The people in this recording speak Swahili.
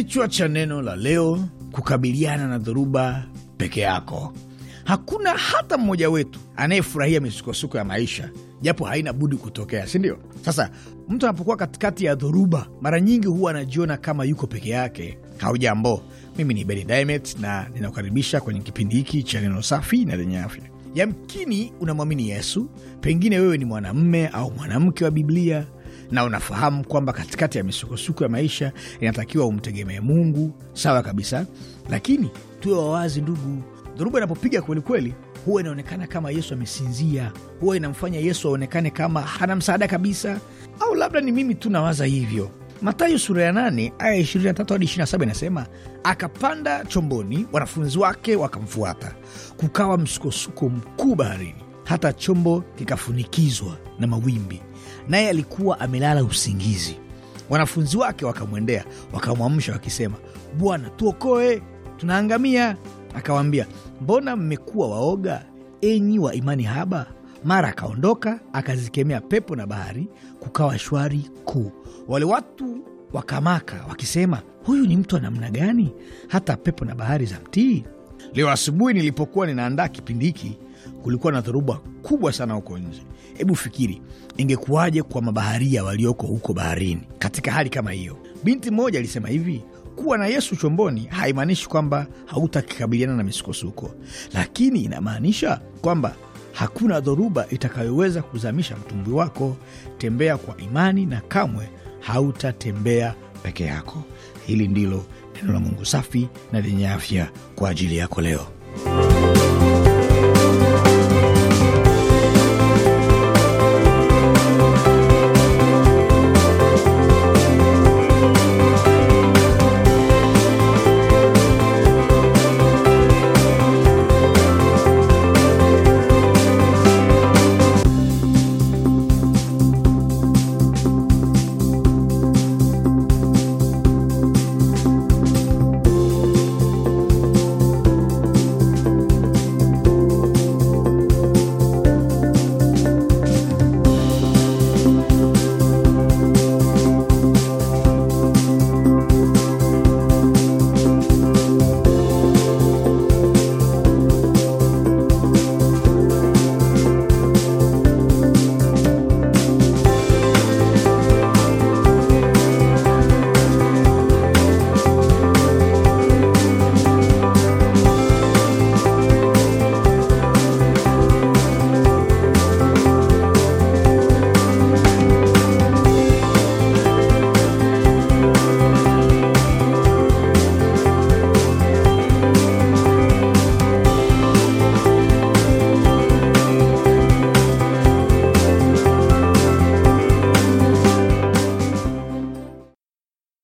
Kichwa cha neno la leo: kukabiliana na dhoruba peke yako. Hakuna hata mmoja wetu anayefurahia misukosuko ya maisha, japo haina budi kutokea, si ndio? Sasa mtu anapokuwa katikati ya dhoruba, mara nyingi huwa anajiona kama yuko peke yake. Haujambo, mimi ni Beni Dimet na ninakukaribisha kwenye kipindi hiki cha neno safi na lenye afya. Yamkini unamwamini Yesu, pengine wewe ni mwanamme au mwanamke wa Biblia na unafahamu kwamba katikati ya misukosuko ya maisha inatakiwa umtegemee Mungu. Sawa kabisa, lakini tuwe wawazi ndugu, dhoruba inapopiga kwelikweli huwa inaonekana kama Yesu amesinzia, huwa inamfanya Yesu aonekane kama hana msaada kabisa, au labda ni mimi tu nawaza hivyo. Matayo sura ya 8 aya 23 hadi 27 inasema, akapanda chomboni, wanafunzi wake wakamfuata, kukawa msukosuko mkuu baharini hata chombo kikafunikizwa na mawimbi, naye alikuwa amelala usingizi. Wanafunzi wake wakamwendea wakamwamsha wakisema, Bwana, tuokoe, tunaangamia. Akawaambia, mbona mmekuwa waoga, enyi wa imani haba? Mara akaondoka akazikemea pepo na bahari, kukawa shwari kuu. Wale watu wakamaka wakisema, huyu ni mtu wa namna gani, hata pepo na bahari za mtii? Leo asubuhi nilipokuwa ninaandaa kipindi hiki kulikuwa na dhoruba kubwa sana huko nje. Hebu fikiri ingekuwaje kwa mabaharia walioko huko baharini katika hali kama hiyo. Binti mmoja alisema hivi, kuwa na Yesu chomboni haimaanishi kwamba hautakikabiliana na misukosuko, lakini inamaanisha kwamba hakuna dhoruba itakayoweza kuzamisha mtumbwi wako. Tembea kwa imani na kamwe hautatembea peke yako. Hili ndilo neno la Mungu safi na lenye afya kwa ajili yako leo.